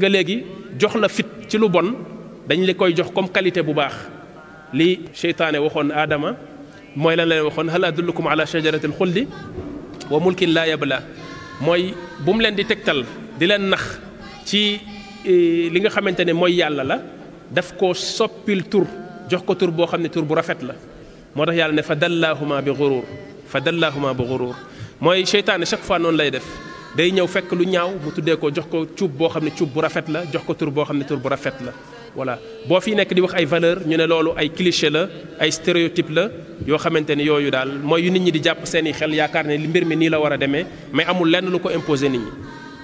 nga legi jox la fit ci lu bon dañ la koy jox comme qualité bu bax li shaytané waxon adama moy lan lay waxon hal adullukum ala shajarati alxuldi wa mulkin la yabla moy bum len di tektal di len nax ci li nga xamantene moy yàlla la daf ko sopil tour jox ko tour bo xamne tour bu rafet la motax yàlla ne fadallahuma bi ghurur fadallahuma bi ghurur moy shaytané chaque fois non lay def day ñëw fekk lu ñaaw mu tuddee ko jox ko boo xam ne bu rafet la jox ko tur boo xam ne bu rafet la voilà boo fi nekk di wax ay valeur ñu ne loolu ay cliché la ay stéréotype la yoo xamante ni yu nit ñi di xel mbir la a mais amul lenn lu ko nit ñi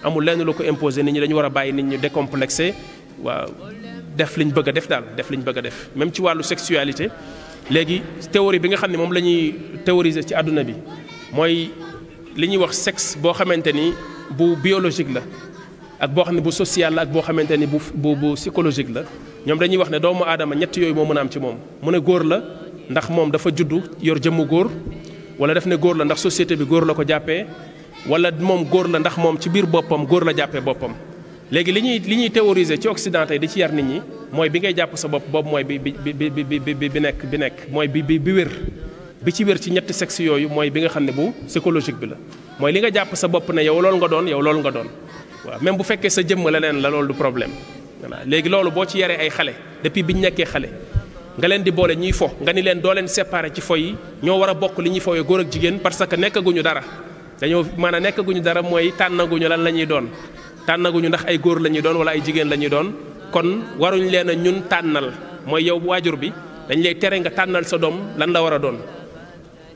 amul lu ko nit ñi dañu a nit ñi décomplexé waaw def liñ bëgg def daal def liñ bëgg def même ci sexualité léegi théorie bi nga xam li ñuy wax sexe boo xamante ni bu biologique la ak boo xam ne bu social la ak boo xamante ni bu bu bu psychologique la ñoom dañuy wax ne doomu aadama ñett yooyu moo mën a am ci moom mu ne góor la ndax moom dafa juddu yor jëmmu góor wala daf ne góor la ndax société bi góor la ko jàppee wala moom góor la ndax moom ci biir boppam góor la jàppee boppam. léegi li ñuy li ñuy théoriser ci Occident tey di ci yar nit ñi mooy bi ngay jàpp sa bopp boobu mooy bi bi bi bi bi bi nekk bi nekk mooy bi bi bi wér. bi ci wér ci ñetti sexe yooyu mooy bi nga xam ne bu psychologique bi la mooy li nga jàpp sa bopp na yow loolu nga doon yow loolu nga doon waaw même bu fekkee sa jëmm leneen la loolu du problème voilà léegi loolu boo ci yaree ay xale depuis bi ñu nekkee xale nga leen di boole ñuy fo nga ni leen doo leen séparé ci fo yi ñoo war a bokk li ñuy foyee góor ak jigéen parce que nekkaguñu dara dañoo a nekkaguñu dara mooy tànnaguñu lan la ñuy doon tànnaguñu ndax ay góor la ñuy doon wala ay jigéen la ñuy doon kon waruñ leen a ñun tànnal mooy yow waajur bi dañ lay tere nga tànnal sa doom lan la war a doon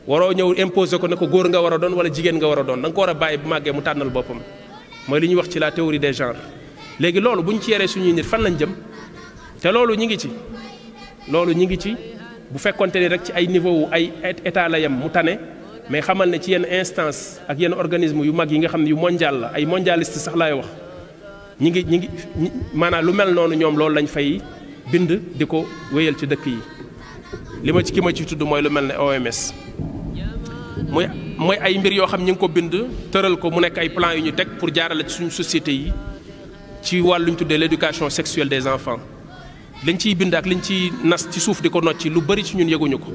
waroo ñëw imposé ko ne ko góor nga war a doon wala jigéen nga war a doon da nga ko war a bàyyi bu màggee mu tànnal boppam mooy li ñuy wax ci la théorie des genres léegi loolu bu ñu ci yare suñuy nit fan lañ jëm te loolu ñi ngi ci loolu ñi ngi ci bu fekkonte ni rek ci ay niveau wu ay état la yem mu tane mais xamal ne ci yenn instance ak yenn organisme yu mag yi nga xam ne yu mondial la ay mondialiste sax laay wax ñi ngi ñi ngi maanaam lu mel noonu ñoom loolu lañ fay bind di ko wéyal ci dëkk yi li ci ki ma ci mooy lu mel ne OMS moy mooy ay mbir yo xam ñu ngi ko bind teural ko mu nek ay plan yu ñu tek pour jaarale ci suñu société yi ci wàllu ñu tuddee l' sexuelle des enfants liñ ci bind ak liñ ci nas ci suuf diko ko ci lu bari ci ñun yëguñu ko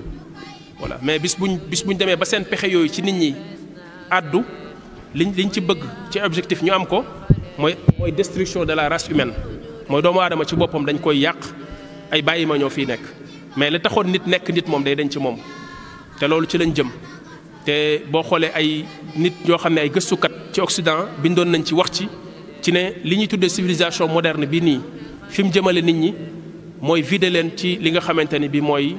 voilà mais bis buñ bis buñ démé ba seen pexé yooyu ci nit ñi addu liñ liñ ci bëgg ci objectif ñu am ko moy moy destruction de la race humaine moy doomu adama ci boppam dañ koy yàq ay bayima ñoo fi nek mais li taxone nit nek nit mom day dañ ci mom té lolu ci lañ jëm té bo xolé ay nit ñoo xamné ay ay kat ci Occident bindoon nañ ci wax ci ci né li ñuy tuddee civilisation moderne bi ni fi mu jëmale nit ñi moy vider len ci li nga xamante ni bi moy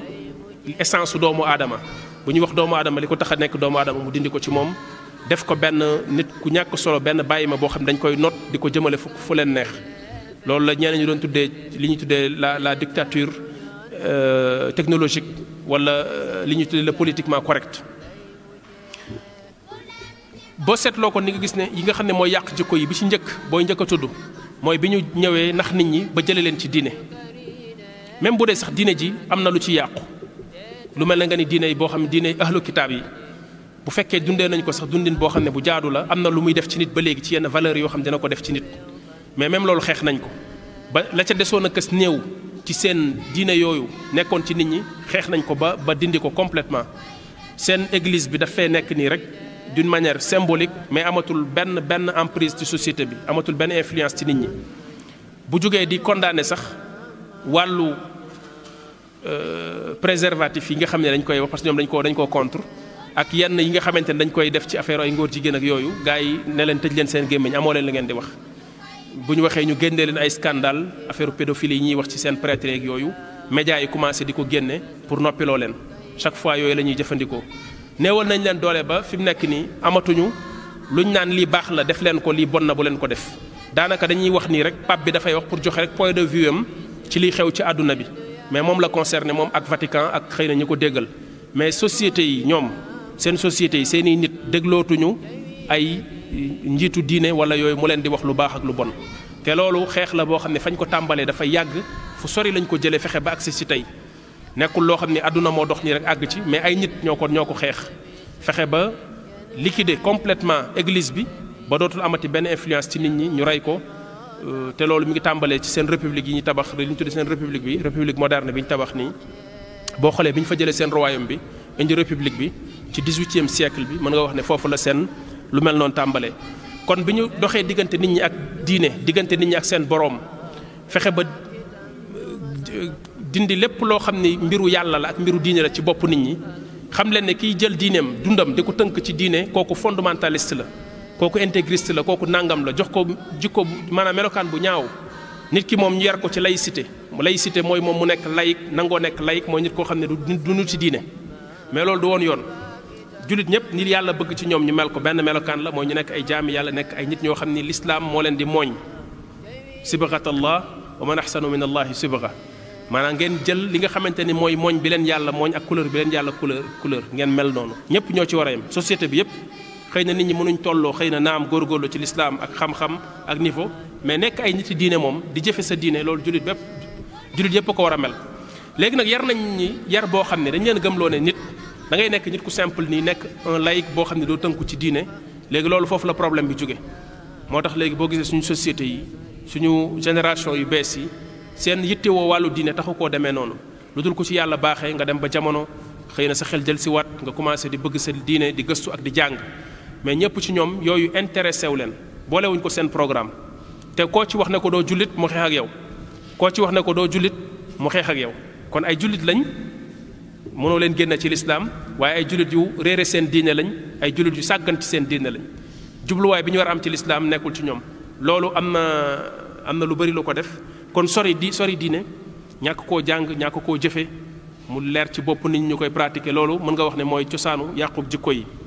essence su doomu adama bu ñu wax doomu adama li taxa nek doomu adama mu dindi ko ci mom def ko benn nit ku ñak solo benn bayima bo boo xam dañ koy note diko jëmele fu fu len neex loolu la ñeneen ñu doon tuddé li ñuy tuddee la la dictature euh technologique wala euh, li ñuy tuddee le politiquement correct boo seetloo ko ni nga gis ne yi nga xam ne mooy yàq jikko yi bi ci njëkk booy njëkk a tudd mooy bi ñu ñëwee nax nit ñi ba jëlee leen ci diine même bu dee sax diine ji am na lu ci yàqu lu mel na nga ni diine yi boo xam ne diine ahlu kitaab yi bu fekkee dundee nañ ko sax dundin boo xam ne bu jaadu la am na lu muy def ci nit ba léegi ci yenn valeur yoo xam ne dina ko def ci nit mais même loolu xeex nañ ko ba la ca desoon a kës néew ci seen diine yooyu nekkoon ci nit ñi xeex nañ ko ba ba dindi ko complètement seen église bi daf nekk nii rek d'une manière symbolique mais amatul ben ben emprise ci société bi amatul ben influence ci nit ñi bu jógee di condamné sax euh, préservatif yi nga xam dañ koy wax parce que ñoom dañ ko dañ contre ak yenn yi nga xamante ne dañ koy def ci affaire ay ngóor jigéen ak yoyu gaay yi ne leen tëj leen seen gémmiñ amo leen la ngeen di wax buñ ñu ñu génnee leen ay scandale affaire pédophilie yi wax ci seen prêtre ak yoyu médias yi commencé diko ko pour noppiloo leen chaque fois yoyu la jëfëndiko newal nañ leen doole ba fi amatuñu luñ la def bon na bu ko def rek pour point de vue am ci liy xew ci mais la concerné moom ak Vatican ak xëy na ko déggal mais société yi ñoom seen société yi seen i nit déglootuñu ay njiitu diine wala mu di wax bon te loolu la ne fañ ko ba nekkul loo xam ne àdduna moo dox nii rek àgg ci mais ay nit ñoo ko ñoo ko xeex fexe ba liquider complètement église bi ba dootul amati benn influence ci nit ñi ñu rey ko euh, te loolu mi ngi tàmbalee ci seen république yi ñu tabax li ñu tuddee seen république bi république moderne bi ñu tabax nii boo xoolee bi ñu fa jëlee seen royaume bi indi république bi ci dix-huitième siècle bi mën nga wax ne foofu la seen lu mel noonu tàmbalee kon bi ñu doxee diggante nit ñi ak diine diggante nit ñi ak seen boroom fexe ba euh, dindi lépp loo xam ni mbiru yàlla la ak mbiru diine la ci bopp nit ñi xam leen ne kiy jël diineem dundam di ko tënk ci diine kooku fondamentaliste la kooku intégriste la kooku nangam la jox ko jikko maanaam melokaan bu ñaaw nit ki moom ñu yar ko ci laïcité laïcité mooy moom mu nekk laïc nangoo nekk laïc mooy nit koo xam ne du nu ci diine mais loolu du woon yoon jullit ñëpp nit yàlla bëgg ci ñoom ñu mel ko benn melokaan la mooy ñu nekk ay jaami yàlla nekk ay nit ñoo xam ni lislaam moo leen di mooñ sibghatallah wa man ahsanu min allahi sibgha maanaam ngeen jël li nga xamante ni mooy mooñ bi leen yàlla mooñ ak couleur bi leen yàlla couleur couleur ngeen mel noonu ñëpp ñoo ci war a yem société bi yëpp xëy na nit ñi mënuñ tolloo xëy na naam góorgóorlu ci lislaam ak xam-xam ak niveau mais nekk ay nit yi diine moom di jëfe sa diine loolu jullit bépp jullit yëpp ko war a mel léegi nag yar nañ ñi yar boo xam ne dañu leen gëm loo ne nit dangay nekk nit ku simple nii nekk un laïc boo xam ne doo tënku ci diine léegi loolu foofu la problème bi jóge moo tax léegi boo gisee suñu société yi suñu génération yu bees yi seen yittewoo wàllu diine taxu koo demee noonu lu dul ko ci yàlla baaxee nga dem ba jamono xëy na sa xel jël si waat nga commencé di bëgg sa diine di gëstu ak di jàng mais ñëpp ci ñoom yooyu intéressé wu leen boolewuñ ko seen programme te koo ci wax ne ko doo jullit mu xeex ak yow koo ci wax ne ko doo jullit mu xeex ak yow kon ay jullit lañ mënoo leen génne ci lislaam waaye ay jullit yu réere seen diine lañ ay jullit yu sàgganti seen diine lañ jubluwaay bi ñu war a am ci lislaam nekkul ci ñoom loolu am na am na lu bëri lu ko def kon sori di sori diine ñàkk koo jàng ñàkk koo jëfe mu leer ci bopp nit ñu koy pratiquer loolu mën nga wax ne mooy cosaanu yàqub jikko yi